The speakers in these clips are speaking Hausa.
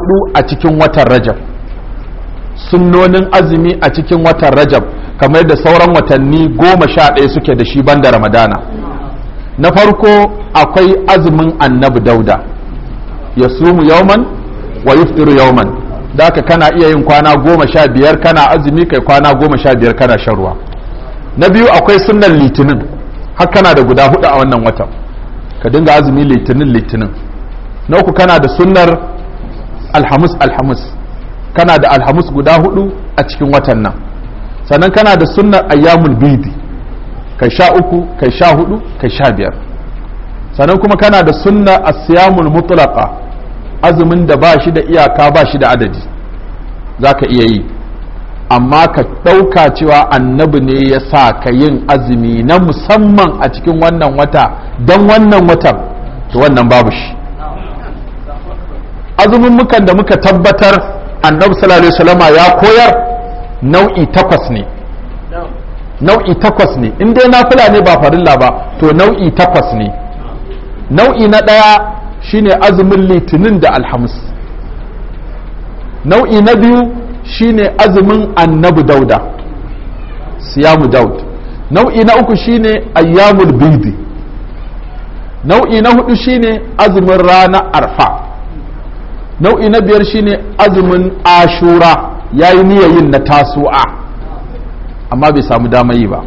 hudu a cikin watan rajab sunnonin azumi a cikin watan rajab kamar da sauran watanni goma sha ɗaya suke da shi banda ramadana na farko akwai azumin annabi dauda ya sumu yauman wa yuftiru yauman da ka kana iya yin kwana goma sha biyar kana azumi kai kwana goma sha biyar kana shan na biyu akwai sunnan litinin har kana da guda hudu a wannan watan ka dinga azumi litinin litinin na uku kana da sunnar alhamis alhamis kana da alhamis guda hudu a cikin watan nan sannan kana da sunnar ayyamul bidi kai sha uku kai sha hudu kai sha biyar sannan kuma kana da sunna asiyamul mutlaqa azumin da ba shi da iyaka ba shi da adadi za ka iya yi amma ka ɗauka cewa annabi ne ya sa ka yin azumi na musamman a cikin wannan wata don wannan watan to wannan babu shi azumin mukan da muka tabbatar annabi sallallahu alaihi ya koyar nau'i takwas ne nau'i takwas ne in dai nafila ne ba farilla ba to nau'i takwas ne nau'i na ɗaya shine azumin litinin da alhamis nau'i na biyu shine azumin annabi dauda siyamu daud nau'i na uku shine ayyamul bidi nau'i na hudu shine azumin rana arfa nau'i na biyar shine azumin ashura ya yi yin na tasu'a amma bai samu damar yi ba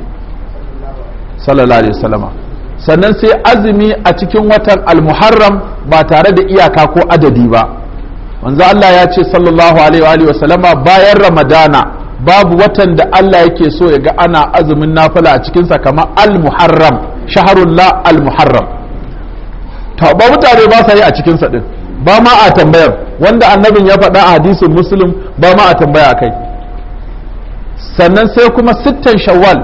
sallallahu alaihi wasallama sannan sai azumi a cikin watan almuharram ba tare da iyaka ko adadi ba Wanzu Allah ya ce sallallahu alaihi wasallama bayan ramadana babu watan da Allah yake so ya ga ana azumin nafila a cikinsa kamar almuharram al almuharram ba mutane ba sa yi a cikinsa din ba ma a tambayar wanda annabin ya faɗa a hadisin muslim ba ma a tambaya kai sannan sai kuma sittan shawwal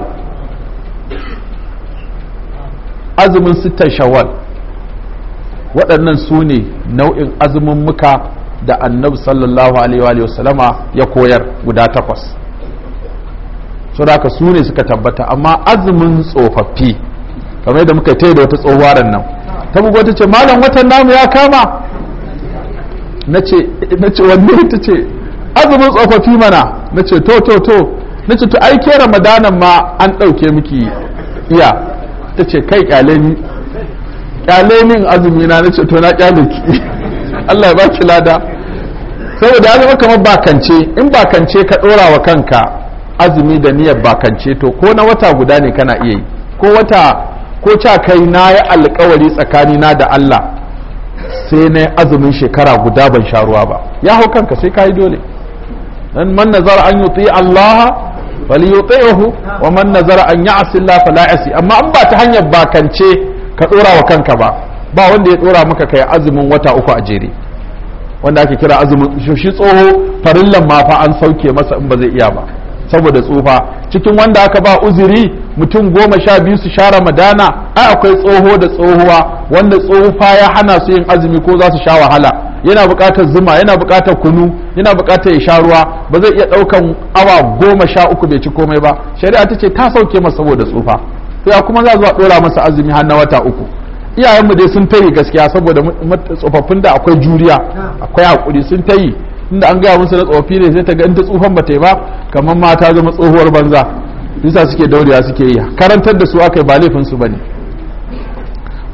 azumin sittan shawwal waɗannan su ne nau'in azumin muka da annabi sallallahu alaihi wasallama ya koyar guda takwas Su da su ne suka tabbata amma azumin tsofaffi kamar yadda muka yi da wata tsohuwar nan ta wata ce malam watan namu ya kama na ce wanne ta ce azumin tsofaffi mana na ce to to to na ce to ai ke ramadanan ma an ɗauke miki iya ta ce kai kyaleni ni azumina na ce to na kyale ki Allah ya baki lada saboda ya zama kamar bakance in bakance ka ɗora wa kanka azumi da niyyar bakance to ko na wata guda ne kana iya yi ko wata ko ca kai na yi alkawari tsakanina da Allah sai na azumin shekara guda ban sha ruwa ba ya hau kanka sai ka yi dole dan man nazara an yuti Allah falyuti'hu wa man an yi Allah fala asi amma an ba ta hanyar bakance ka dora wa kanka ba ba wanda ya dora maka kai azumin wata uku a jere wanda ake kira azumin shi tsoho farin ma fa an sauke masa in ba zai iya ba saboda tsufa cikin wanda aka ba uzuri mutum goma sha biyu su sha ramadana ai akwai tsoho da tsohuwa wanda tsohuwa ya hana su yin azumi ko za su sha wahala yana buƙatar zuma yana buƙatar kunu yana buƙatar ya sha ruwa ba zai iya ɗaukan awa goma sha uku bai ci komai ba shari'a ta ce ta sauke masa saboda tsufa sai kuma za zuwa ɗora masa azumi har na wata uku iyayenmu dai sun tayi gaskiya saboda tsofaffin da akwai juriya akwai haƙuri sun tayi tunda an gaya musu na tsofi ne sai ta ga in ta tsufan ta yi ba kamar ma ta zama tsohuwar banza yasa suke daurewa suke yi karantar da su aka yi ba laifin su bane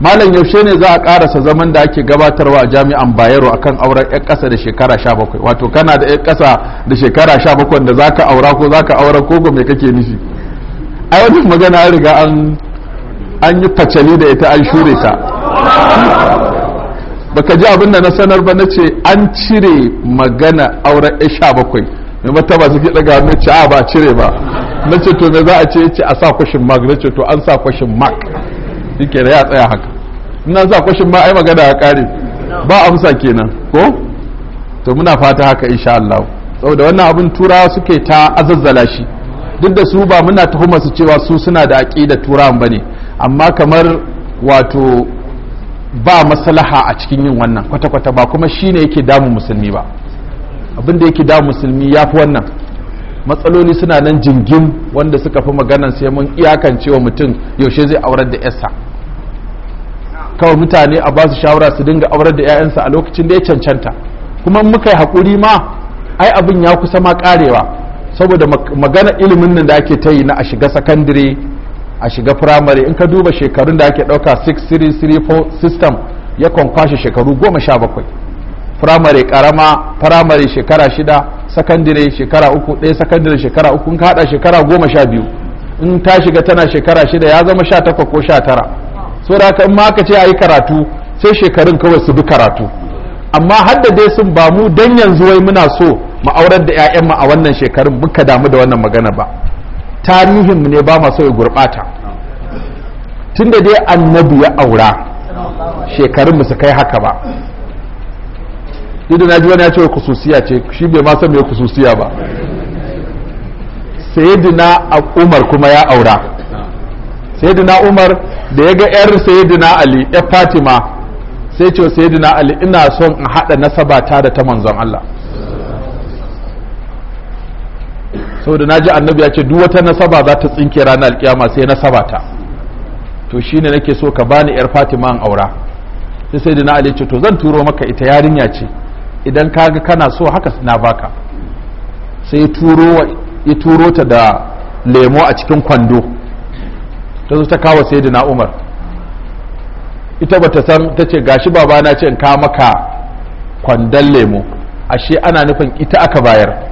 malam yaushe ne za a karasa zaman da ake gabatarwa a jami'an bayero akan auren yan ƙasa da shekara 17 wato kana da yan ƙasa da shekara 17 da zaka aura ko zaka aura ko me kake nufi a wannan magana an riga an an yi facali da ita an shure ta baka ji abin da na sanar ba na ce an cire magana auren ya sha bakwai mai mata ba su gida ga ce a ba cire ba na ce to me za a ce ce a sa kwashin mag. na ce to an sa kwashin mag. shike da ya tsaya haka ina sa kwashin mark ai magana ya kare ba amsa kenan ko to muna fata haka insha Allah saboda wannan abin turawa suke ta azazzala shi duk da su ba muna tuhumar su cewa su suna da aqida turawan bane amma kamar wato ba maslaha a cikin yin wannan kwata-kwata ba kuma shi ne yake damun musulmi ba abin da yake damun musulmi ya fi wannan matsaloli suna nan jingin wanda suka fi maganan sai mun iyakance wa mutum yaushe zai aurar da yarsa kawai mutane a ba su shawara su dinga aurar da 'ya'yansa a lokacin da ya cancanta kuma muka yi haƙuri ma ai abin ya kusa ma karewa saboda magana ilimin nan da ake ta yi na a shiga sakandire. a shiga firamare in ka duba shekarun da ake ɗauka 6334 system ya kwankwashe shekaru goma sha bakwai firamare karama firamare shekara shida sakandire shekara uku ɗaya sakandire shekara uku in ka haɗa shekara goma sha biyu in ta shiga tana shekara shida ya zama sha takwa ko sha tara so da in ma aka ce a yi karatu sai shekarun kawai su bi karatu amma har da dai sun ba mu dan yanzu wai muna so mu aurar da 'ya'yanmu a wannan shekarun muka damu da wannan magana ba tarihin ne ba masu ya gurbata tun da dai annabi ya aura shekarun su kai haka ba idan na ji wani ya ce kususiya ce shi bai ma san me kususiya ba sayyidina umar kuma ya aura sayyidina umar da ya ga yar sayyidina ali ya fatima sai ce sayyidina ali ina son in haɗa nasaba ta da ta manzon Allah saboda na ji annabi ya ce duk wata nasaba za ta tsinke ranar alkiyama sai nasaba ta to shine nake so ka bani yar fatima an aura sai sai na ali ce to zan turo maka ita yarinya ce idan ka ga kana so haka na baka sai ya turo ta da lemo a cikin kwando ta zo ta kawo sai na umar ita ba ta san ta ce gashi babana ce in ka maka kwandon lemo ashe ana nufin ita aka bayar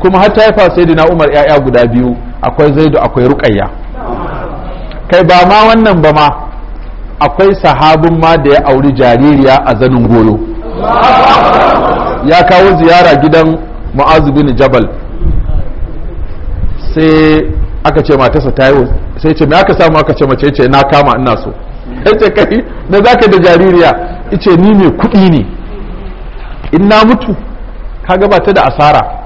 kuma har ta haifa sai na umar ya'ya guda biyu akwai zaidu akwai rukayya kai ba ma wannan ba ma akwai sahabin ma da ya auri jaririya a zanin goyo. ya kawo ziyara gidan ma'azu bin jabal sai aka ce matarsa ta yi sai ce me aka samu aka ce mace ce na kama ina so ya ce kai na zaka da jaririya ice ni mai kuɗi ne in na mutu ka gabata da asara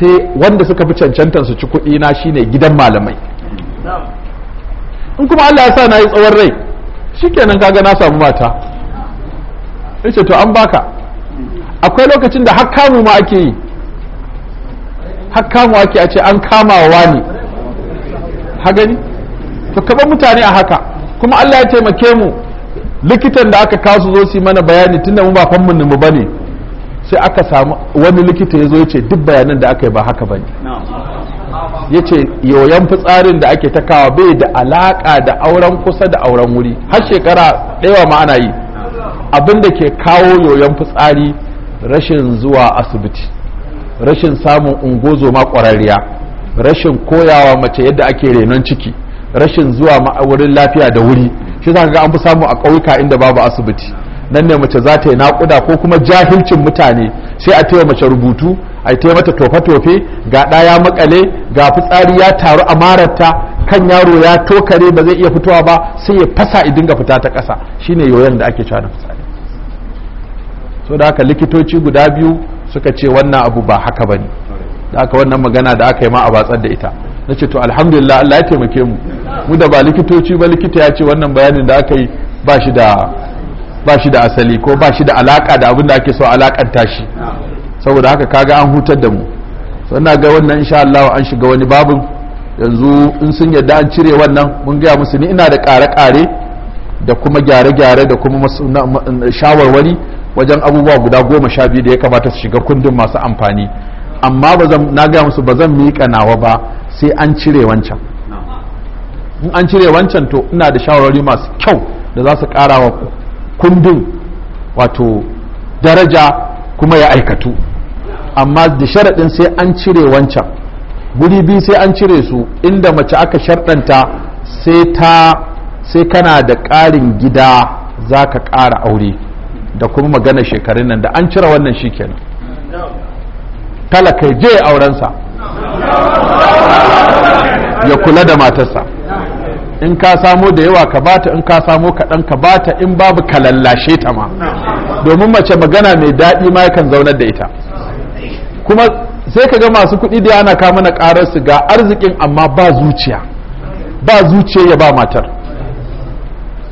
sai wanda suka fi cancantar su ci kuɗi na shine gidan malamai in kuma Allah ya sa na yi tsawon rai shikenan kaga na samu mata yace to an baka akwai lokacin da hakkamu ma ake yi hakkamu ake a ce an kama wa ne hagani to kaban mutane a haka kuma Allah ya taimake mu likitan da aka kawo su zo su yi mana bayani tunda mu ba fannin mu bane sai aka samu wani likita ya zo ya ce duk bayanan da aka yi ba haka ba ne ya ce yoyon fitsarin da ake ta kawo bai da alaƙa da auren kusa da auren wuri har shekara ɗaya ma ana yi abinda ke kawo yoyon fitsari rashin zuwa asibiti rashin samun ungozoma ƙwararriya rashin koyawa mace yadda ake renon ciki rashin zuwa wurin lafiya da wuri shi za ka ga an fi samu a ƙauyuka inda babu asibiti nan ne mace za ta yi naƙuda ko kuma jahilcin mutane sai a taimaka mace rubutu a taimaka mata tofe-tofe ga ɗa ya makale ga fitsari ya taru a mararta kan yaro ya tokare ba zai iya fitowa ba sai ya fasa idin ga fita ta ƙasa shine yoyon da ake cewa fitsari so da haka likitoci guda biyu suka ce wannan abu ba haka bane da haka wannan magana da aka yi ma a batsar da ita na ce to alhamdulillah Allah ya taimake mu mu da ba likitoci ba likita ya ce wannan bayanin da aka yi ba shi da ba shi da asali ko ba shi da alaka da abin da ake so alakanta shi saboda haka kaga an hutar da mu sannan ga wannan insha Allah an shiga wani babu yanzu in sun yadda an cire wannan mun gaya musu ni ina da ƙare-ƙare da kuma gyare-gyare da kuma shawarwari wajen abubuwa guda goma sha biyu da ya kamata su shiga kundin masu amfani amma na gaya musu ba zan miƙa nawa ba sai an cire wancan in an cire wancan to ina da shawarwari masu kyau da za su ƙara wa kundin wato daraja kuma ya aikatu amma da sharaɗin sai an cire wancan guri biyu sai an cire su inda mace aka sharɗanta sai ta sai kana da ƙarin gida za ka ƙara aure da kuma magana shekarun nan da an cire wannan shi kenan talaka je aurensa ya kula da matarsa in ka samo da yawa ka bata in ka samo kaɗan ka bata in babu ka lallashe ta ma domin mace magana mai daɗi ma yakan zaunar da ita kuma sai ka ga masu kuɗi da ana kama na ƙarar su ga arzikin amma ba zuciya ba zuciya ya ba matar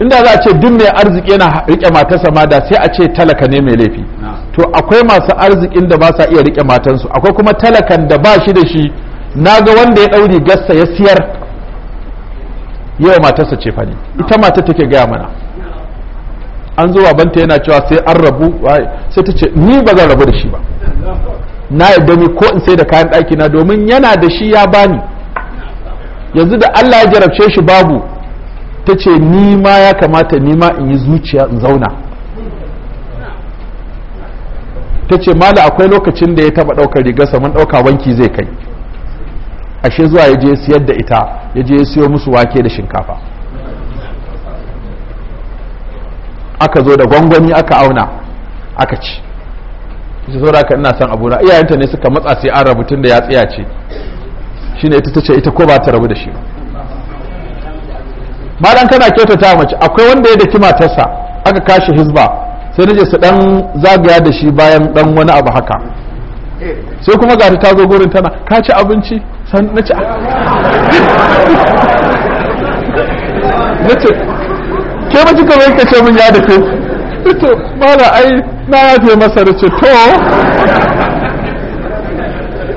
inda za a ce duk mai arziki yana riƙe matarsa ma da sai a ce talaka ne mai laifi to akwai masu arzikin da ba sa iya riƙe matansu akwai kuma talakan da ba shi da shi na ga wanda ya ɗauri gasa ya siyar yau matarsa ce fani ita matar take gaya mana an zo banta yana cewa sai an rabu sai ta ce ni ba zan rabu da shi ba na yadda ni ko in sai da kayan ɗaki na domin yana da shi ya bani yanzu da Allah ya jarabce shi babu ta ce ni ma ya kamata ni ma in yi zuciya in zauna ta ce mala akwai lokacin da ya taɓa ɗaukar rigarsa man ɗauka wanki zai kai ashe zuwa ya je siyar da ita ya je siyo musu wake da shinkafa aka zo da gwangwani aka auna aka ci shi zo da aka ina son abuna iyayenta ne suka matsa sai an rabu tun da ya tsaya ce ne ita tace ita ko ba ta rabu da shi ba dan kana kyautata mace akwai wanda ya daki matarsa aka kashe hizba sai naje su dan zagaya da shi bayan dan wani abu haka sai kuma ga ta zo gurin tana ka ci abinci san na ci na ce ke ba kika bai ce mun ya da ke to da ai na yafe masa da ce to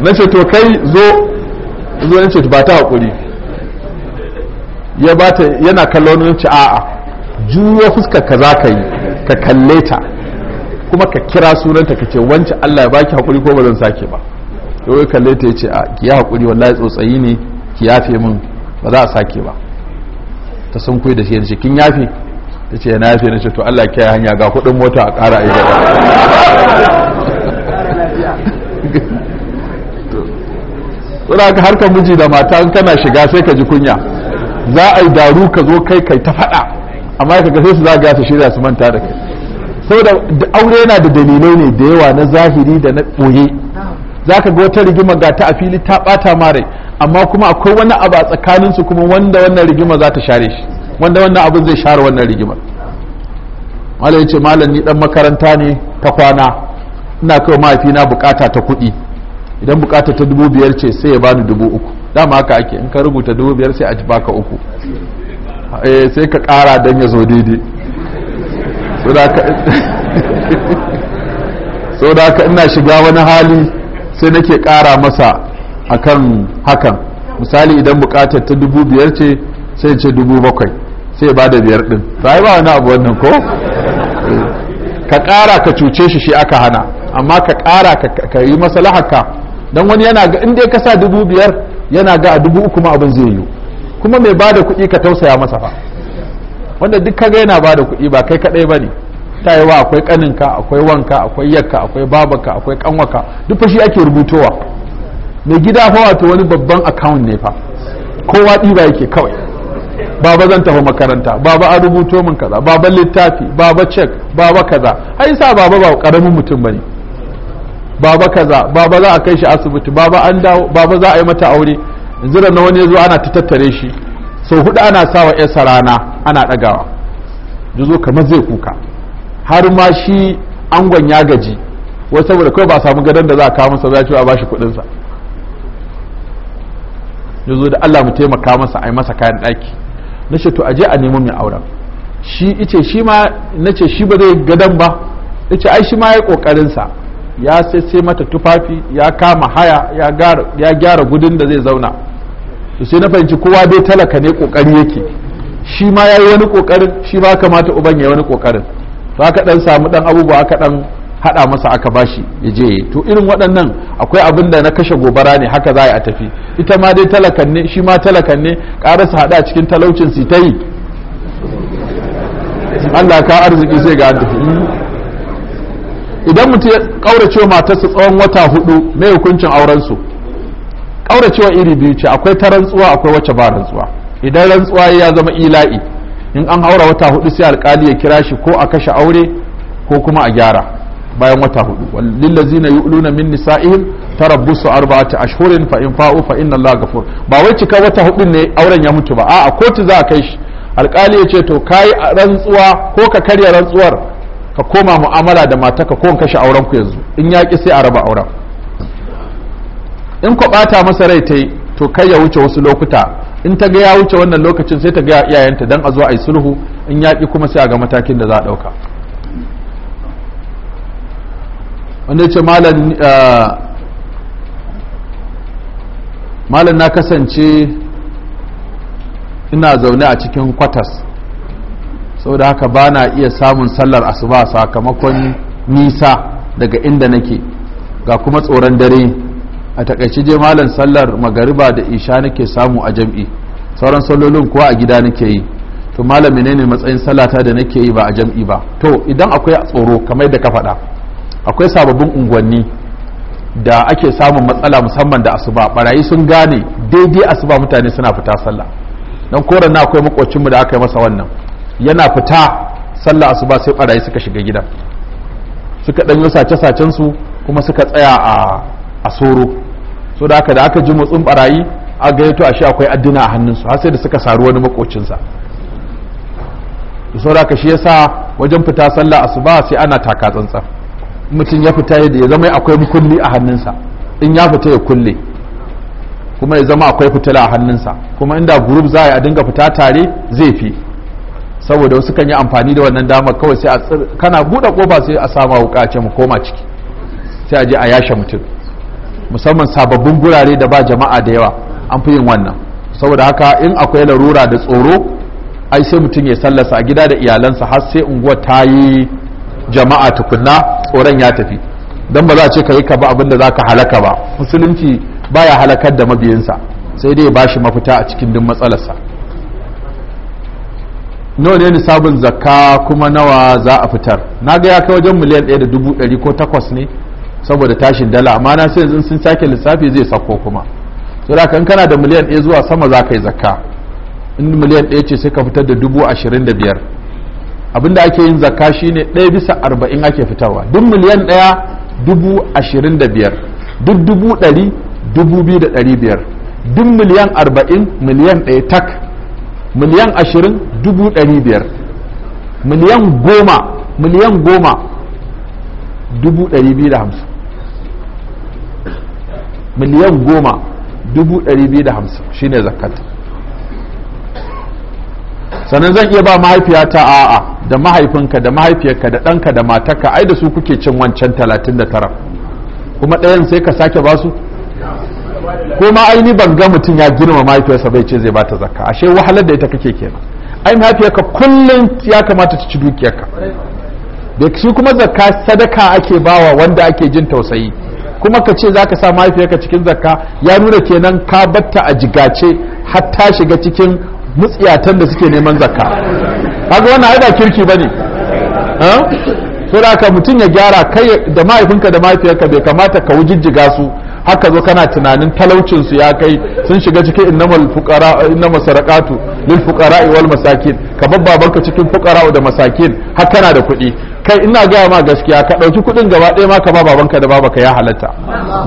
na ce to kai zo zo ce ba ta hakuri ya ta yana kallon ce a'a juyo fuskar ka za ka yi ka kalle ta kuma ka kira sunanta ka ce wancan Allah ya baki hakuri ko ba zan sake ba yau kalle ta ce a ki hakuri wallahi tsotsayi ne ki yafe min ba za a sake ba ta sun kuyi da shi yanzu kin yafe ta ce na yafe na ce to Allah ya hanya ga kudin mota a ƙara a gaba tsira ka harkar miji da mata in kana shiga sai ka ji kunya za a yi daru ka zo kai kai ta faɗa amma ka ga sai su zagaya su shirya su manta da kai da aure yana da dalilai ne da yawa na zahiri da na ɓoye za ka ga wata rigima ga ta a fili ta ɓata mare amma kuma akwai wani abu a tsakaninsu kuma wanda wannan rigima za ta share shi wanda wannan abu zai share wannan rigima. malam ya ce malam ni dan makaranta ne ta kwana ina kai mahaifina bukata ta kuɗi idan bukata ta dubu biyar ce sai ya bani dubu uku dama haka ake in ka rubuta dubu biyar sai a ji baka uku eh, sai ka kara dan ya zo daidai so da haka ina shiga wani hali sai nake kara masa akan hakan misali idan buƙatar ta dubu biyar ce sai ce dubu bakwai sai ba da biyar ɗin ba wani abu wannan ko ka kara ka cuce shi shi aka hana amma ka kara ka yi masalahaka don wani yana ga in dai ka sa dubu biyar yana ga a dubu uku ma abin zai yi kuma mai ba da kuɗi ka tausaya masa fa wanda duk kaga yana ba da kuɗi ba kai kaɗai ba ne ta yi wa akwai ƙaninka akwai wanka akwai yakka akwai babaka akwai ƙanwaka duk fa shi ake rubutowa mai gida fa wato wani babban account ne fa kowa ɗiba yake kawai baba zan tafi makaranta baba an rubuto min kaza baba littafi baba cek baba kaza ai sa baba ba ƙaramin mutum bane baba kaza baba za a kai shi asibiti baba an dawo baba za a yi mata aure yanzu na wani ya zo ana ta tattare shi sau hudu ana sawa yarsa rana ana ɗagawa juzo kamar zai kuka har ma shi angon ya gaji wai saboda kawai ba samu gadon da za a kawo za a ba shi kuɗinsa juzo da Allah mu taimaka masa a yi masa kayan daki na ce to aje a nemo mai auren shi ice shi ma na ce shi ba zai gadon ba ice ai shi ma ya yi ƙoƙarinsa ya sai sai mata tufafi ya kama haya ya gyara gudun da zai zauna to sai na fahimci kowa dai talaka ne kokari yake shi ma yayi wani kokarin shi ma kamata uban yayi wani kokarin to aka dan samu dan abubuwa aka dan hada masa aka bashi ya je to irin waɗannan akwai abin da na kashe gobara ne haka za a tafi ita ma dai talakan ne shi ma talakan ne ƙara su hada cikin talaucin su ta yi Allah ka arziki zai ga tafi hmm. idan mutum ya kaurace matarsa tsawon wata hudu me hukuncin auren su. aure cewa iri biyu ce akwai ta rantsuwa akwai wacce ba rantsuwa idan rantsuwa ya zama ila'i in an haura wata hudu sai alkali ya kira shi ko a kashe aure ko kuma a gyara bayan wata hudu lillazina yu'luna min nisa'ihim tarabbusu arba'ati ashhurin fa in fa'u fa inna allaha ghafur ba wai cika wata hudu ne auren ya mutu ba a'a kotu za a kai shi alkali ya ce to kai rantsuwa ko ka karya rantsuwar ka koma mu'amala da mataka ko kashe auren ku yanzu in ya ki sai a raba auren in kwaɓata bata masa rai ta yi to kai ya wuce wasu lokuta in ta ga ya wuce wannan lokacin sai ta ga iyayenta dan a zo a yi sulhu in ya kuma sai a ga matakin da za a ɗauka wanda ce eh, malam na kasance ina zaune a cikin kwatas da haka ba na iya samun sallar asuba sakamakon nisa daga inda nake ga kuma tsoron dare a takaice je malam sallar magariba da isha nake samu a jam'i sauran sallolin kuwa a gida nake yi to malam ne matsayin sallata da nake yi ba a jam'i ba to idan akwai tsoro kamar da ka faɗa akwai sababbin unguwanni da ake samun matsala musamman da asuba barayi sun gane daidai asuba mutane suna fita sallah dan koran na akwai makocinmu da aka yi masa wannan yana fita sallah asuba sai barayi suka shiga gidan suka yi sace-sacen su kuma suka tsaya a a soro so da haka da aka ji motsin barayi a gayyato a shi akwai addina a hannunsu har sai da suka saru wani makocinsa da so da shi yasa wajen fita sallah asuba sai ana taka tsantsan mutum ya fita ya zama akwai mukulli a hannunsa in ya fita ya kulle kuma ya zama akwai fitila a hannunsa kuma inda group za a dinga fita tare zai fi saboda wasu kan yi amfani da wannan damar kawai sai a kana buɗe ƙofa sai a sama wuƙa ce mu koma ciki sai a je a yashe mutum musamman sababbin gurare da ba jama'a da yawa an fi yin wannan saboda haka in akwai larura da tsoro ai sai mutum ya sallasa a gida da iyalansa har sai unguwa ta yi jama'a tukunna tsoron ya tafi don ba za a ce ka yi ka ba abin da za ka halaka ba musulunci ba baya halakar da mabiyinsa sai dai ba shi mafita a cikin duk matsalarsa nawa ne nisabin zakka kuma nawa za a fitar na ga ya kai wajen miliyan ɗaya da dubu ɗari ko takwas ne saboda tashin dala amma na sai sun sake lissafi zai sako kuma so da kan kana da miliyan ɗaya zuwa sama za ka yi zakka in miliyan ɗaya ce sai ka fitar da dubu ashirin da biyar abinda ake yin zakka shine ɗaya bisa arba'in ake fitarwa duk miliyan ɗaya dubu ashirin da biyar duk dubu ɗari dubu biyu da ɗari biyar duk miliyan arba'in miliyan ɗaya tak miliyan ashirin dubu ɗari biyar miliyan goma miliyan goma dubu ɗari biyu da hamsin miliyan goma dubu ɗari biyu da hamsin shi ne zakat sannan zan iya ba mahaifiyata a'a da mahaifinka da mahaifiyarka da ɗanka da matarka ai da su kuke cin wancan talatin da tara kuma ɗayan sai ka sake basu? su ko ma aini ban ga mutum ya girma mahaifiyarsa bai ce zai bata zakka ashe wahalar da ita kake kenan ai mahaifiyarka kullum ya kamata ta ci dukiyarka da shi kuma zakka sadaka ake bawa wanda ake jin tausayi kuma ka ce za ka sa mahaifiyarka cikin zakka ya nuna kenan ka batta a jigace har ta shiga cikin mutsiyatan da suke neman zakka kaga wannan ai ba kirki bane to da ka mutum ya gyara kai da mahaifinka da mahaifiyarka bai kamata ka wujijjiga su haka zo kana tunanin talaucin su ya kai sun shiga cikin innamal fuqara innamas sadaqatu lil fuqara wal masakin ka babbabanka cikin fuqara da masakin har kana da kuɗi kai ina gaya ma gaskiya ka ɗauki kuɗin gaba ɗaya ma ka ba babanka da babaka ya halatta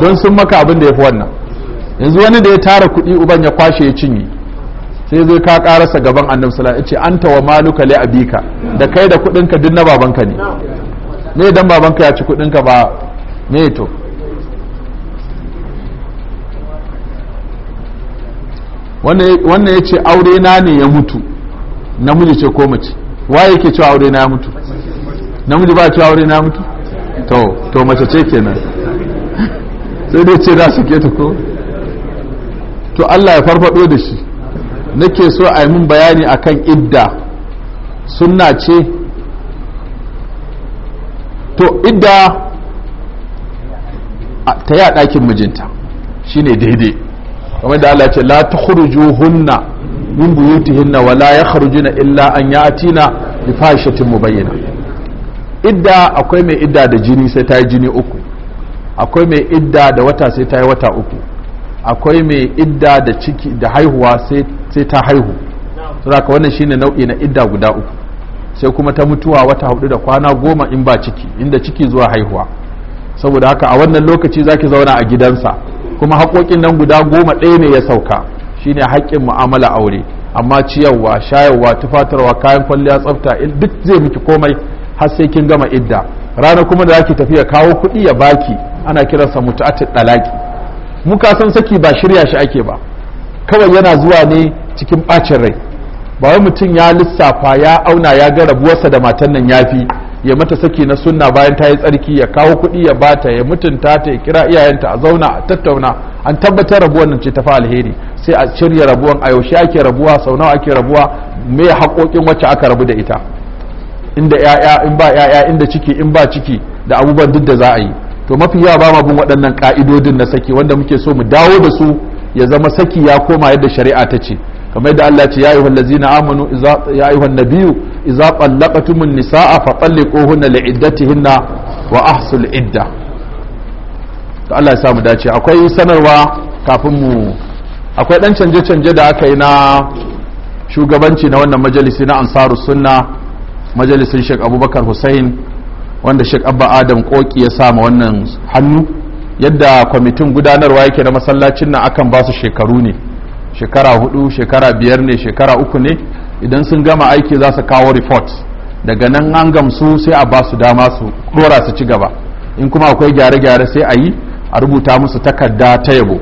don sun maka abin da ya fi wannan yanzu wani da ya tara kuɗi uban ya kwashe ya cinye sai zai ka karasa gaban annabi sallallahu alaihi wasallam anta wa maluka li abika da kai da kuɗinka duk na babanka ne me dan babanka ya ci kuɗinka ba me to wannan ya ce aure na ne ya mutu namiji ce ko mace waye yake cewa aure na ya mutu namiji ba cewa aure na ya mutu to to mace ce kenan sai dai ce za su ke ta ko to Allah ya farfado da shi nake so a yi min bayani akan idda sunna ce to idda ta yi a ɗakin mijinta shine daidai kamar da Allah ce la tukhrujuhunna min buyutihinna wa la yakhrujuna illa an ya'tina bi fahishatin mubayyana idda akwai mai idda da jini sai ta yi jini uku akwai mai idda da wata sai ta yi wata uku akwai mai idda da ciki da haihuwa sai ta haihu saboda wannan shine nau'i na idda guda uku sai kuma ta mutuwa wata hudu da kwana goma in ba ciki inda ciki zuwa haihuwa saboda haka a wannan lokaci zaki zauna a gidansa kuma haƙoƙin nan guda goma ɗaya ne ya sauka shine haƙƙin mu'amala aure amma ciyarwa shayarwa tufatarwa kayan kwalliya tsafta duk zai miki komai har sai kin gama idda rana kuma da zaki ya kawo kuɗi ya baki ana kiransa mutu'atul dalaki muka san saki ba shirya shi ake ba kawai yana zuwa ne cikin bacin rai ba wai mutum ya lissafa ya auna ya ga rabuwarsa da matan nan yafi ya mata saki na sunna bayan ta yi tsarki ya kawo kuɗi ya bata ya mutunta ta ya kira iyayenta a zauna a tattauna an tabbatar rabuwan nan ce ta fa alheri sai a shirya rabuwan a yaushe ake rabuwa sau nawa ake rabuwa me haƙoƙin wacce aka rabu da ita inda ya'ya in ba ya'ya inda ciki in ba ciki da abubuwan duk da za a yi to mafi yawa ba ma bin waɗannan ka'idodin na saki wanda muke so mu dawo da su ya zama saki ya koma yadda shari'a ta ce kamar yadda Allah ce ya ayyuhal ladzina amanu ya ayyuhan nabiyyu iza qallaqtumun nisaa fa talliquhunna li'iddatihinna wa ahsul idda to Allah ya samu dace akwai sanarwa kafin mu akwai dan canje canje da aka yi na shugabanci na wannan majalisi na ansaru sunna majalisin Sheikh Abubakar Hussein wanda Sheikh Abba Adam Koki ya sama wannan hannu yadda kwamitin gudanarwa yake na masallacin nan akan ba su shekaru ne shekara hudu shekara biyar ne shekara uku ne idan sun gama aiki za su kawo report daga nan an gamsu sai a ba su dama su dora su ci gaba in kuma akwai gyare-gyare sai a yi a rubuta musu takarda ta yabo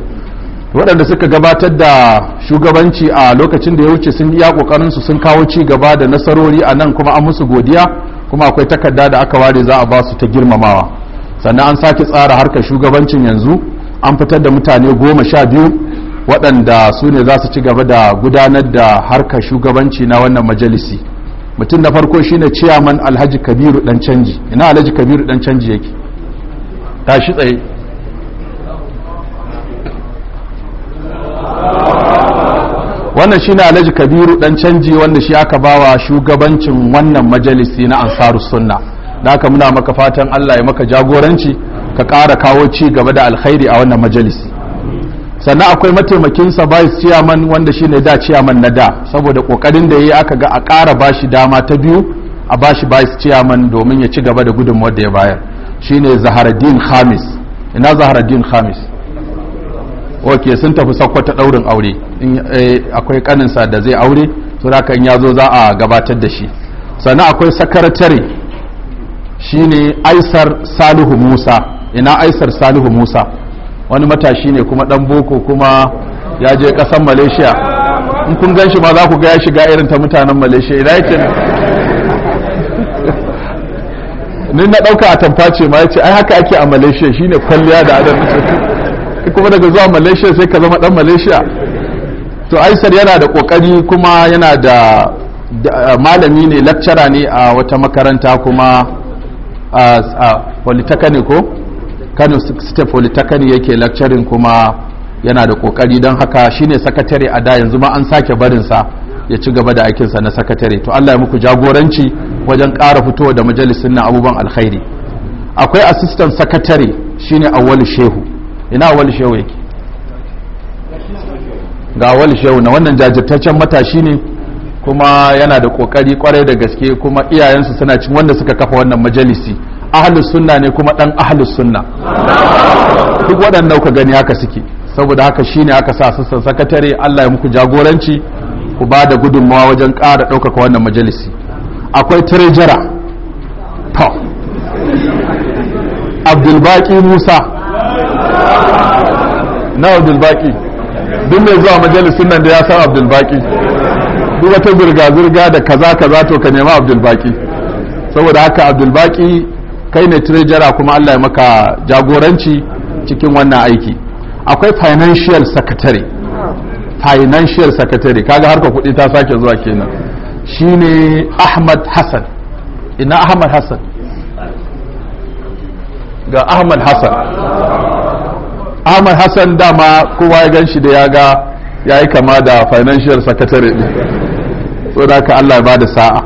waɗanda suka gabatar da shugabanci a lokacin da ya wuce sun iya kokarin su sun kawo ci gaba da nasarori a nan kuma an musu godiya kuma akwai takarda da aka ware za a ba su ta girmamawa sannan an sake tsara harkar shugabancin yanzu an fitar da mutane goma sha biyu waɗanda su ne za su ci gaba da gudanar da harkar shugabanci na wannan majalisi mutum na farko shine ciyaman alhaji kabiru dan canji ina alhaji kabiru dan canji yake tashi tsaye wannan shine alhaji kabiru dan canji wanda shi aka bawa shugabancin wannan majalisi na ansaru sunna da aka muna maka fatan allah ya maka jagoranci ka ƙara kawo ci gaba da alkhairi a wannan majalisi sannan akwai mataimakinsa vice chairman wanda shine da chairman na da saboda kokarin da yayi aka ga a ƙara bashi dama ta biyu a bashi vice chairman domin ya ci gaba da gudun da ya bayar shine Zaharaddin Khamis ina Zaharaddin Khamis ok sun tafi sakwata daurin aure eh, akwai kaninsa da zai aure so da in ya zo za a gabatar da shi sannan akwai sakaratare shine Aisar Salihu Musa ina Aisar Salihu Musa wani matashi ne kuma dan boko kuma ya je kasan malaysia in kun gan shi ma za ku ga ya shiga irin ta mutanen malaysia ina yake ni na dauka a tamface ma yace ai haka ake a malaysia shine kwalliya da adam kuma daga zuwa malaysia sai ka zama dan malaysia to aisar yana da kokari kuma yana da malami ne lecturer ne a wata makaranta kuma a politaka ne ko kano state polytechnic yake lecturing kuma yana da kokari don haka shine sakatare a da yanzu ma an sake barinsa ya ci gaba da aikinsa na sakatare to allah ya muku jagoranci wajen ƙara fito da majalisun na abubuwan alkhairi akwai assistant sakatare shine awal shehu ina awal shehu yake ga awal shehu na wannan jajirtaccen matashi ne kuma yana da kokari kwarai da gaske kuma iyayensu suna cin wanda suka kafa wannan majalisi ahalus sunna ne kuma dan ahalus sunna duk waɗannan ka gani haka suke saboda haka shine aka sa sassan sakatare Allah ya muku jagoranci ku ba da gudunmawa wajen ƙara ɗaukaka wannan majalisi akwai tirejara to abdulbaki musa na abdulbaki duk mai zuwa majalisin nan da ya san abdulbaki duk wata zirga-zirga da kaza kaza to ka nema abdulbaki saboda haka abdulbaki kai ne trejara kuma Allah ya maka jagoranci cikin wannan aiki akwai financial secretary financial secretary kaga harka kuɗi ta sake zuwa kenan shine Ahmad Hassan ina Ahmad Hassan ga Ahmad Hassan Ahmad Hassan dama kowa ya gan shi da ya ga yayi kama da financial secretary din so da ka Allah ya bada sa'a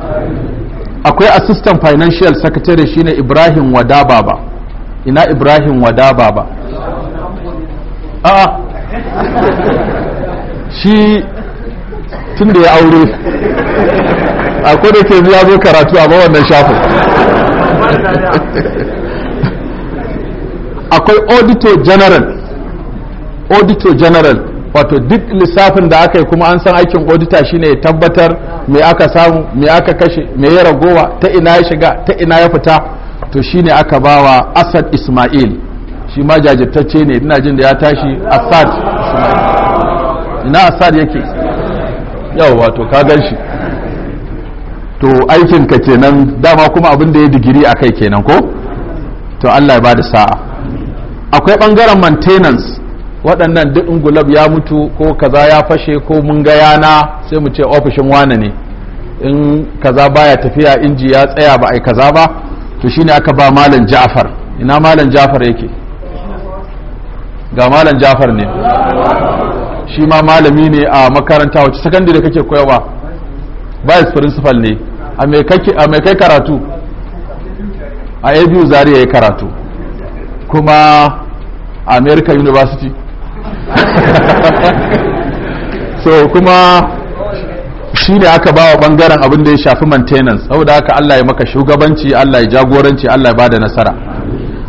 akwai assistant financial secretary shine ibrahim wadaba ba ina ibrahim wadaba ba a'a shi tun da ya aure a da ke biya zo karatu a ba wannan shafin akwai auditor general auditor general wato duk lissafin da aka yi kuma an san aikin auditor shine ya tabbatar me aka samu me aka kashe me ya ragowa ta ina ya shiga ta ina ya fita to shine aka bawa Asad Ismail shi ma jajirtacce ne ina jin da ya tashi Asad Ismail ina Asad yake yau wato ka gan shi to aikin ka kenan dama kuma abin da ya digiri akai kenan ko to Allah ya bada sa'a akwai bangaren maintenance waɗannan duk ingulab ya mutu ko kaza ya fashe ko mun ga yana sai mu ce ofishin wane ne in kaza baya tafiya inji ya tsaya ba ai kaza ba to shine aka ba malam Ja'far ina malam Ja'far yake ga malam Ja'far ne shi ma malami ne a makaranta wacce secondary kake koyarwa vice principal ne a me kai karatu a abu zaria ya karatu kuma american university so kuma shi ne aka ba wa bangaren abin da ya shafi maintenance saboda haka Allah ya maka shugabanci Allah ya jagoranci Allah ya bada nasara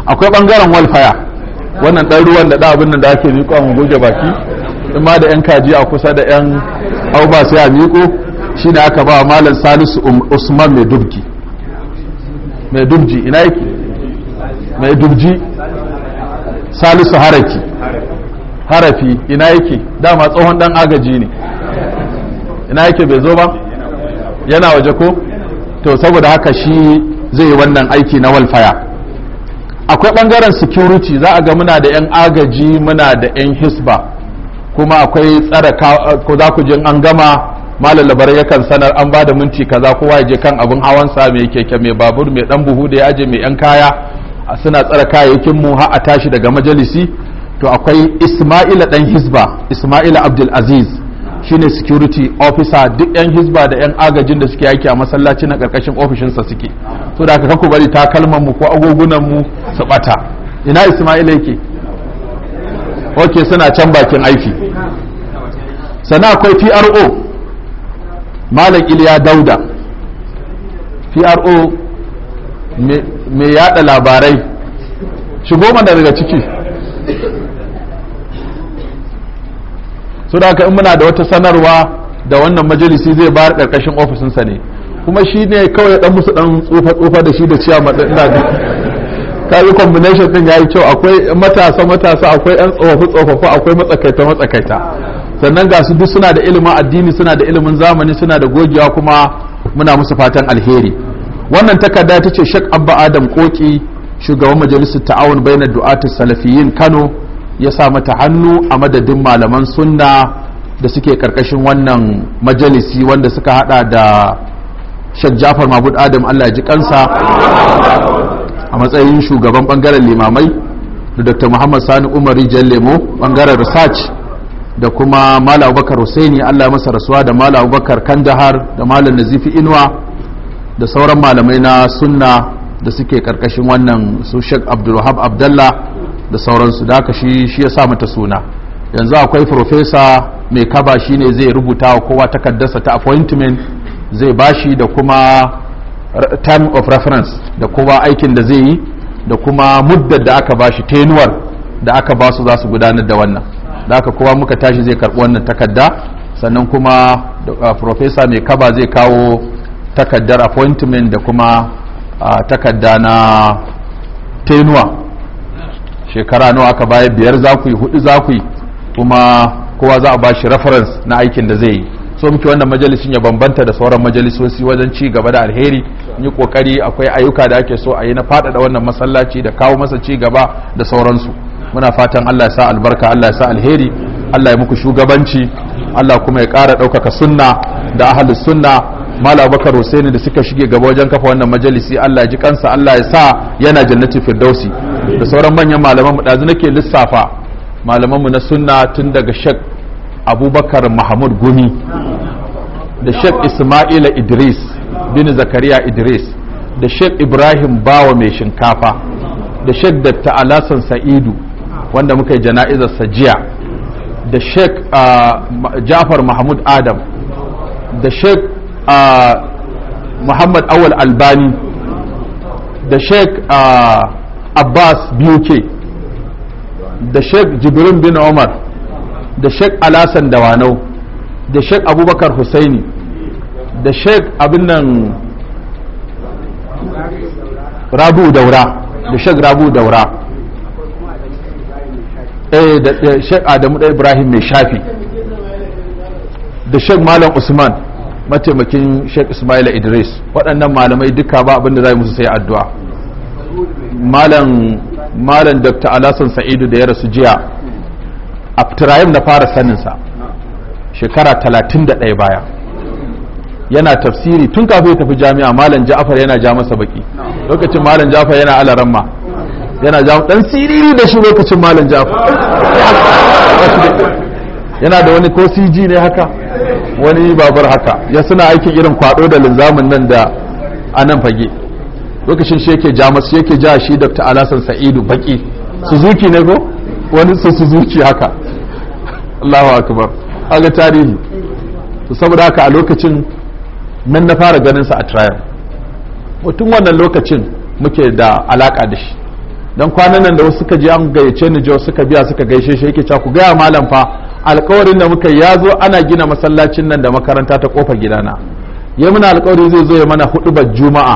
akwai bangaren walfaya wannan dan ruwan da da abin nan da ake miƙo mu goge baki in ma da yan kaji a kusa da yan auba sai a miƙo shi ne aka ba wa malam Salisu um, Usman mai dubji mai dubji ina yake mai dubji Salisu Haraki harafi ina yake dama tsohon dan agaji ne ina yake bai zo ba yana waje ko to saboda haka shi zai yi wannan aiki na walfaya akwai bangaren security za a ga muna da 'yan agaji muna da 'yan hisba kuma akwai tsara ko za ku jin an gama malam labarai yakan sanar an ba da minti kaza kowa ya je kan abin hawansa mai keke mai babur mai dan buhu da ya aje mai 'yan kaya suna tsara kayayyakin mu har a tashi daga majalisi to akwai ismaila dan hisba ismaila abdul aziz shine security officer duk yan hisba da yan agajin da suke aiki a masallaci na karkashin ofishinsa suke so da aka ku bari takalman mu ko agogunan mu su bata ina ismaila yake ok suna can bakin aiki sana akwai pro malam iliya dauda pro mai yada labarai shigo mana daga ciki so da in muna da wata sanarwa da wannan majalisi zai bayar karkashin ofisinsa ne kuma shi ne kawai dan musu dan tsufa tsufa da shi da ciya madan ina da ka yi combination din yayi kyau akwai matasa matasa akwai yan tsofaffi tsofaffi akwai matsakaita matsakaita sannan ga su duk suna da ilimin addini suna da ilimin zamani suna da gogewa kuma muna musu fatan alheri wannan takarda ta ce Sheikh abba adam koki shugaban majalisar ta'awun bainar du'atul salafiyin kano ya sa mata hannu a madadin malaman sunna da suke karkashin wannan majalisi wanda suka hada da sheikh jafar mabud adam allah ji kansa a matsayin shugaban bangaren limamai da dr muhammad sani umari lemo bangaren research da kuma malam abubakar husaini allah masa rasuwa da malam abubakar kandahar da malam nazifi inuwa da sauran malamai na sunna da suke karkashin wannan su abdulwahab abdullah da sauransu da aka shi shi ya sa mata suna yanzu akwai profesa mai kaba shine zai rubuta wa kowa takardarsa ta appointment zai bashi da kuma time of reference da kowa aikin da zai yi da kuma muddar da aka bashi tenuwar da aka ba su za su gudanar da wannan da aka kowa muka tashi zai karɓi wannan takarda sannan kuma uh, profesa mai kaba zai kawo takardar appointment da kuma uh, takarda na tenuwa shekara nawa aka bayar biyar za ku yi hudu za ku yi kuma kowa za a bashi reference na aikin da zai yi so muke wannan majalisin ya bambanta da sauran majalisosi wajen ci gaba da alheri yi kokari akwai ayyuka da ake so a yi na faɗaɗa wannan masallaci da kawo masa ci gaba da sauransu muna fatan Allah ya sa albarka Allah ya sa alheri Allah ya muku shugabanci Allah kuma ya ƙara ɗaukaka sunna da ahalus sunna mala bakar husaini da suka shige gaba wajen kafa wannan majalisi allah ya ji kansa allah ya sa yana jannatin firdausi da sauran manyan malaman mu ɗazu nake lissafa malaman mu na sunna tun daga shek abubakar mahmud gumi da shek ismaila idris bin zakariya idris da shek ibrahim bawa mai shinkafa da shek datta alasan sa'idu wanda muka yi jana'izar sajiya da shek ah, jafar mahmud adam da shek. a muhammad awal albani da sheikh abbas buk da sheikh jibrin bin Omar, da sheikh alasan dawanau da sheikh abubakar husaini da sheikh abin nan rabu daura da sheikh rabu daura eh da sheikh adamu da ibrahim mai shafi da sheikh malam usman mataimakin Sheikh Ismail Idris waɗannan malamai duka ba abinda zai musu sai addu'a malam malam Dr. Alasan Sa'idu da ya rasu jiya Abtirayim na fara saninsa shekara 31 baya yana tafsiri tun kafin ya tafi jami'a malam Ja'far yana ja masa baki lokacin malam Ja'far yana alaramma yana ja dan siriri da shi lokacin malam Ja'far yana da wani ko CG ne haka wani babar haka ya suna aikin irin kwado da linzamin nan da a nan fage lokacin shi yake jamus yake ja shi dr alasan sa'idu baki suzuki ne ko wani su suzuki haka allahu akbar haka tarihi saboda haka a lokacin nan na fara ganin sa a trial mutum wannan lokacin muke da alaka da shi don kwanan nan da wasu suka je an gayyace ni je suka biya suka gaishe shi yake cewa ku gaya malam fa alkawarin da muka ya zo ana gina masallacin nan da makaranta ta kofar gidana ya muna alkawari zai zo ya mana hudubar juma'a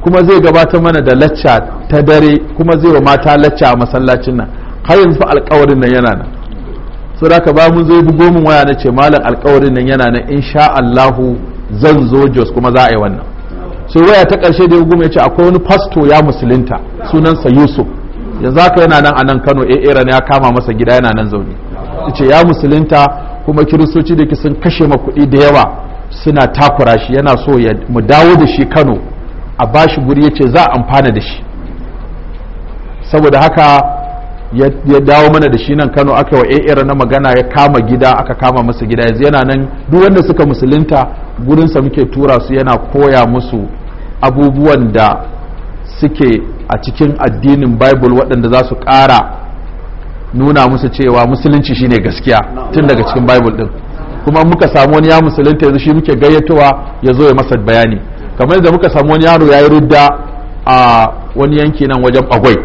kuma zai gabata mana da lacca ta dare kuma zai wa mata lacca a masallacin nan har yanzu fa alkawarin nan yana nan so da ba mun zo bugo min waya na ce malam alkawarin nan yana nan insha Allahu zan zo Jos kuma za a yi wannan so waya ta karshe da ya ce akwai wani pasto ya musulunta sunansa Yusuf yanzu haka yana nan a nan Kano eh, eh ya kama masa gida yana nan zaune ce ya musulunta kuma kiristoci da ke sun kashe ma da yawa suna takura shi yana so ya mu dawo da shi kano a ba shi guri ya ce za a amfana da shi saboda haka ya dawo mana da shi nan kano aka wa era na magana ya kama gida aka kama masa gida yanzu yana nan duk wanda suka musulunta gurinsa muke tura su yana koya musu abubuwan da suke a cikin addinin bible waɗanda za su ƙara nuna musu cewa musulunci shi ne gaskiya tun daga cikin bible din kuma muka samu wani ya musulunta yanzu shi muke gayyatowa ya zo ya masa bayani kamar da muka samu wani yaro ya yi rudda a wani yanki nan wajen bagwai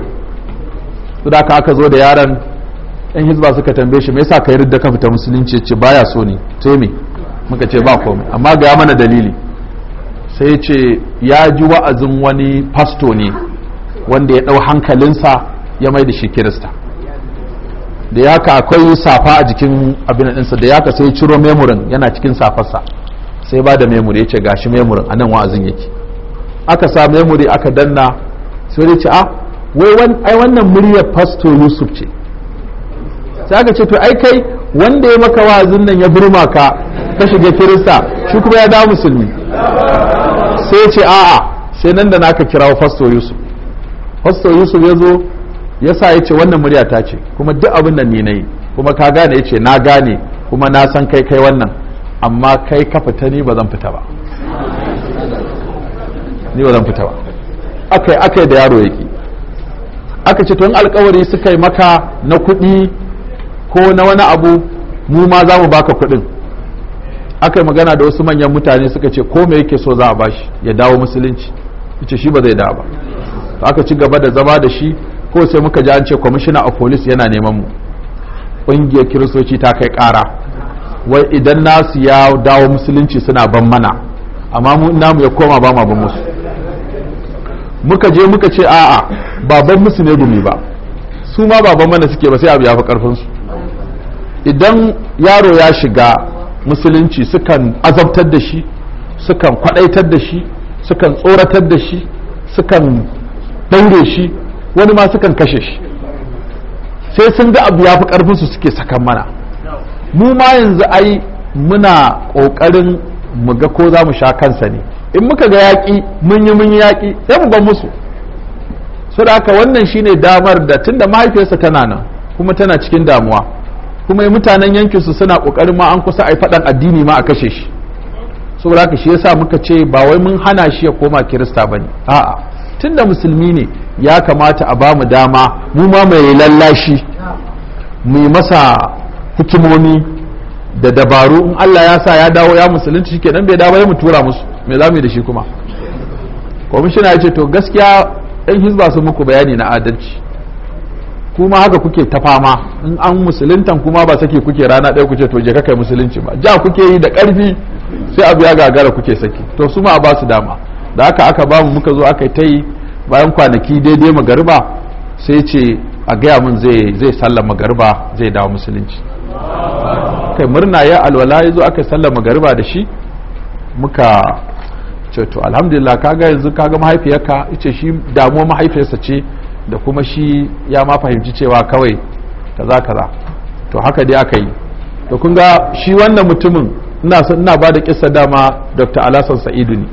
su da aka zo da yaron yan hizba suka tambaye shi me yasa ka yi rudda ka fita musulunci ce baya so ne sai me muka ce ba komai amma ga mana dalili sai ce ya ji wa'azin wani fasto ne wanda ya ɗau hankalinsa ya mai da shi kirista da ya ka akwai safa a jikin abin ɗinsa da ya ka sai ciro memurin yana cikin safarsa sai ba da memuri ya ce gashi memurin a nan wa'azin yake aka sa memuri aka danna sai ya ce a ah, wai ai wannan muryar pastor yusuf ce sai aka ce to ai kai wanda ya maka wa'azin nan ya burma ka ka shiga kirista shi kuma ya da musulmi sai ce a'a sai nan da naka kirawo pastor yusuf pastor yusuf ya zo yasa ya ce wannan murya ta ce kuma duk abin da ni na yi kuma ka gane ya ce na gane kuma na san kai kai wannan amma kai ka fita ni ba zan fita ba ni ba zan fita ba akai akai da yaro yake aka ce tun alkawari suka yi maka na kuɗi ko na wani abu mu ma za mu baka kuɗin aka yi magana da wasu manyan mutane suka ce ko me yake so za a bashi ya dawo musulunci ita shi ba zai dawo ba aka ci gaba da zama da shi ko sai muka ji an ce kwamishina a polis yana neman mu ƙungiyar kiristoci ta kai ƙara wai idan nasu ya dawo musulunci suna ban mana amma mu namu ya koma ba ma ban musu muka je muka ce a'a baban musu ne gumi ba su ma baban mana suke ba sai abu ya fi karfinsu idan yaro ya shiga musulunci sukan azabtar da shi sukan kwaɗaitar da shi sukan tsoratar da shi sukan ɗaure shi wani ma sukan kashe shi sai sun ga abu ya fi karfin su suke sakan mana mu ma yanzu ai muna kokarin mu ga ko za mu sha kansa ne in muka ga yaƙi mun yi mun yi yaƙi sai mu ban musu so da haka wannan shine damar da tunda mahaifiyarsa tana nan kuma tana cikin damuwa kuma mutanen yankin su suna kokarin ma an kusa ai faɗan addini ma a kashe shi saboda haka shi yasa muka ce ba wai mun hana shi ya koma kirista ba ne a'a da musulmi ne ya kamata a bamu dama mu ma mai lallashi mu masa hikimomi da dabaru in Allah ya sa ya dawo ya musulunci ke nan bai dawo ya mu tura musu me za mu yi da shi kuma kwamishina ya ce to gaskiya yan hizba sun muku bayani na adalci kuma haka kuke ta fama in an musuluntan kuma ba sake kuke rana ɗaya kuce to je ka kai musulunci ba ja kuke yi da ƙarfi sai abu ya gagara kuke saki to su ma ba su dama da aka aka ba mu muka zo aka yi ta yi bayan kwanaki daidai magariba sai ce a gaya min zai sallar magariba zai dawo musulunci kai murna ya alwala ya zo aka sallar magariba da shi muka ceto to alhamdulillah kaga yanzu kaga mahaifiyarka ita shi damuwa mahaifiyarsa ce da kuma shi ya ma fahimci cewa kawai kaza kaza to haka dai aka yi to kun ga shi wannan mutumin ina ba da kissa dama dr alasan sa'idu ne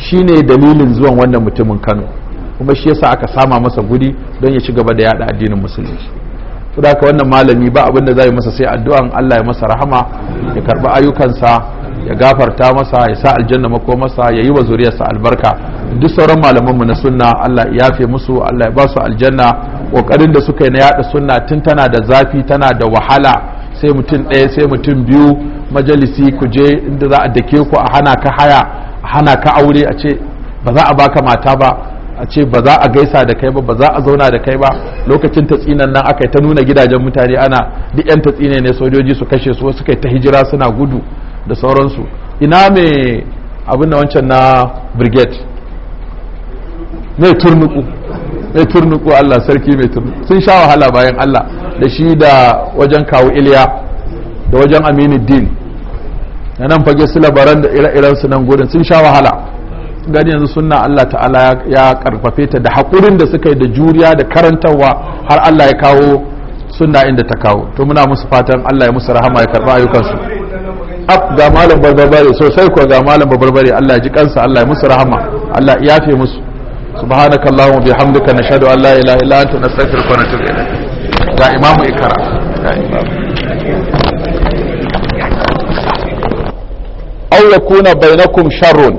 shine dalilin zuwan wannan mutumin Kano kuma shi yasa aka sama masa guri don ya ci gaba da yada addinin musulunci to da wannan malami ba abin da zai masa sai addu'an Allah ya masa rahama ya karba ayyukansa ya gafarta masa ya sa aljanna mako masa ya yi wa zuriyarsa albarka duk sauran malaman mu na sunna Allah ya yafe musu Allah ya ba su aljanna kokarin da suka yi na yada sunna tun tana da zafi tana da wahala sai mutum ɗaya sai mutum biyu majalisi ku je inda za a dake ku a hana ka haya hana ka aure a ce ba za a baka mata ba a ce ba za a gaisa da kai ba ba za a zauna da kai ba lokacin tatsinan nan aka yi ta nuna gidajen mutane ana duk yan tatsine ne sojoji su kashe su wasu kai ta hijira suna gudu da sauransu ina mai abin da wancan na brigade mai turnuku mai turnuku Allah sarki mai turnuku sun sha wahala bayan Allah da shi da wajen kawo Iliya da wajen Aminu Din da nan fage su labaran da ire-iren su nan gurin sun sha wahala gani yanzu sunna Allah ta'ala ya karfafe ta da haƙurin da suka yi da juriya da karantarwa har Allah ya kawo sunna inda ta kawo to muna musu fatan Allah ya musu rahama ya karɓa ayyukansu ab ga malam barbare sosai ko ga malam barbare Allah ya ji kansa Allah ya musu rahama Allah ya yafe musu subhanakallahumma bihamdika nashhadu an la ilaha illa anta nastaghfiruka wa natubu ilayk ga imamu ikra ga imamu aw kuna bainakum sharrun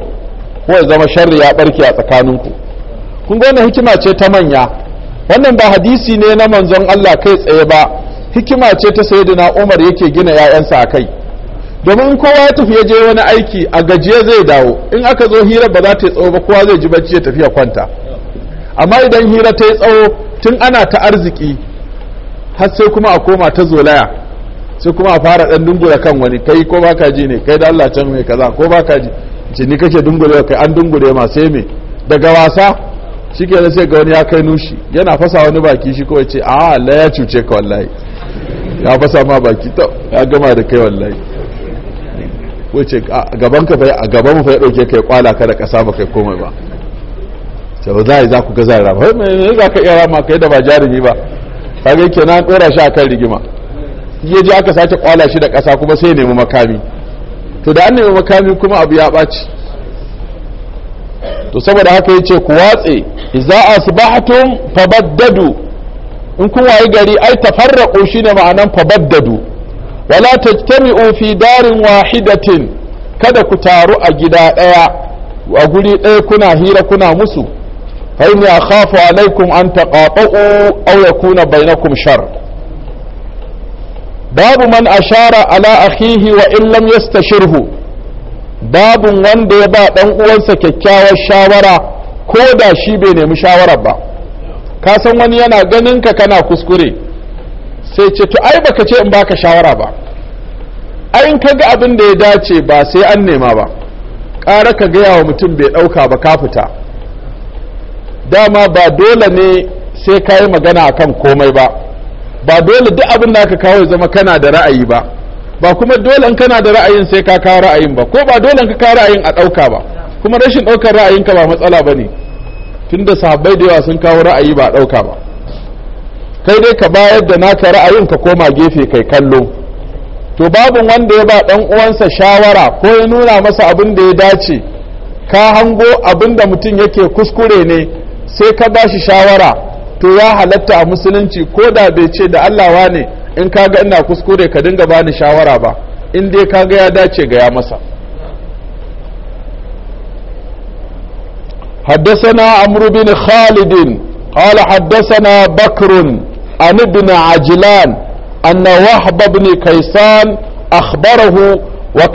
ko ya zama sharri ya barke a tsakaninku kun ga wannan hikima ce ta manya wannan ba hadisi ne na manzon Allah kai tsaye ba hikima ce ta sayyidina Umar yake gina ƴaƴansa a kai domin in kowa ya tafi je wani aiki a gajiye zai dawo in aka zo hira ba za ta yi tsawo ba kowa zai ji bacci ya tafi ya kwanta amma idan hira ta yi tsawo tun ana ta arziki har sai kuma a koma ta zolaya sai kuma a fara dan dungula kan wani kai ko baka ji ne kai da Allah can mai kaza ko baka ji ce ni kake dungule kai an dungule ma sai me daga wasa shike da sai ga wani ya kai nushi yana fasa wani baki shi ko yace a ah, Allah ya cuce ka wallahi ya fasa ma baki to ya gama da kai wallahi wace gaban ka a gaban mu fa ya dauke kai kwala ka da kasa ba kai komai ba ce ba za za ku ga zan ba me za ka iya rama kai da ba jarumi ba kage kenan dora shi akan rigima ya ji aka sake kwala shi da ƙasa kuma sai ya nemi makami to da an nemi makami kuma abu ya ɓaci to saboda haka ce ku watse idza subahatun fabaddadu in kun wayi gari ai tafarraqu shine ma'anan fabaddadu wala tajtami'u fi darin wahidatin kada ku taru a gida ɗaya, a guri ɗaya kuna hira kuna musu fa inni akhafu alaikum an taqata'u aw yakuna bainakum shar babu man ashara ala akhihi wa in lam yastashirhu babun wanda ya ba dan uwansa kyakkyawar shawara ko da shi bai nemi shawarar ba ka san wani yana ganin ka kana kuskure sai ce to ai baka ce in baka shawara ba ai in kaga abin da ya dace ba sai an nema ba ƙara ka gaya wa mutum bai ɗauka ba ka fita dama ba dole ne sai ka yi magana akan komai ba ba dole duk abin da aka kawo ya zama kana da ra'ayi ba ba kuma dole in kana da ra'ayin sai ka kawo ra'ayin ba ko ba dole ka kawo ra'ayin a ɗauka ba kuma rashin ɗaukar ra'ayinka ba matsala ba ne tunda sahabbai da yawa sun kawo ra'ayi ba a ɗauka ba kai dai ka bayar da naka ra'ayin ka koma gefe kai kallo to babu wanda ya ba ɗan uwansa shawara ko ya nuna masa abin da ya dace ka hango abin da mutum yake kuskure ne sai ka ba shi shawara to ya halatta a musulunci ko da bai ce da allawa ne in ka ga ina kuskure ka dinga bani shawara ba in dai ka ga ya dace ga ya masa haddasana amru bin khalidin kala haddasana bakrun an ibn ajilan an na wahbab ne kai san akbarahu wa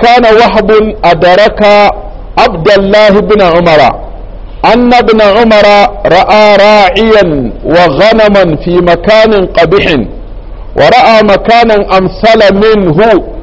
wahbun a daraka abdallahi bin umara أن ابن عمر رأى راعيا وغنما في مكان قبح ورأى مكانا أمثل منه